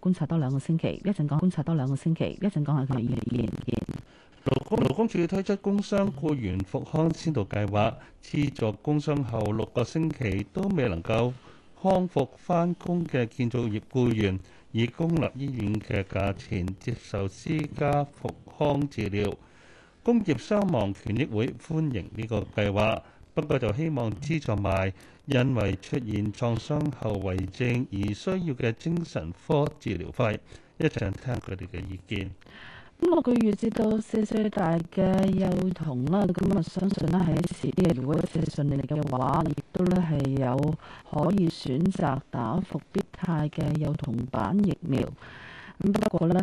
觀察多兩個星期，一陣講觀察多兩個星期，一陣講下佢。二二二二，勞工勞工處推出工傷僱員復康先導計劃，資助工傷後六個星期都未能夠康復返工嘅建造業僱員，以公立醫院嘅價錢接受私家復康治療。工業傷亡權益會歡迎呢個計劃。不過就希望資助埋，因為出現創傷後遺症而需要嘅精神科治療費，一齊聽佢哋嘅意見。咁、那、我個月至到四歲大嘅幼童啦，咁啊相信咧喺遲啲嘅，如果一切順利嘅話，亦都咧係有可以選擇打復必泰嘅幼童版疫苗。咁不過呢。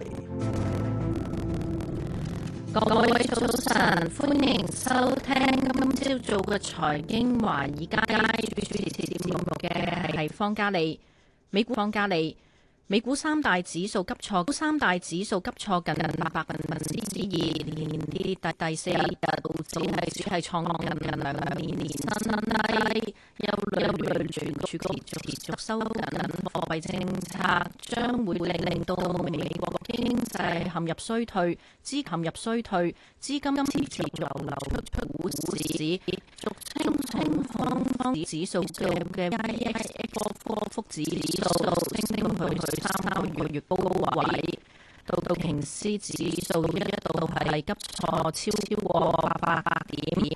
各位早晨，歡迎收聽今朝早嘅財經華爾街主主持節，節目嘅係方嘉利，美股方嘉利，美股三大指數急挫，三大指數急挫近百,百分之，之二連跌跌第四道指係係創近兩,兩年，年新低。憂慮、憂慮，全球持，持續收緊貨幣政策，將會令，令到美國經濟陷入衰退，資金入衰退，資金持續流出股市，逐漸升升，方指數嘅嘅 VIX 波波幅指數到升升去去三三月月高位，道瓊斯指數一度係急挫超超過八百點。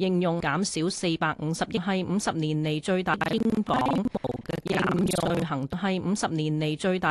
應用減少四百五十億，係五十年嚟最大；英國嘅減稅行動係五十年嚟最大。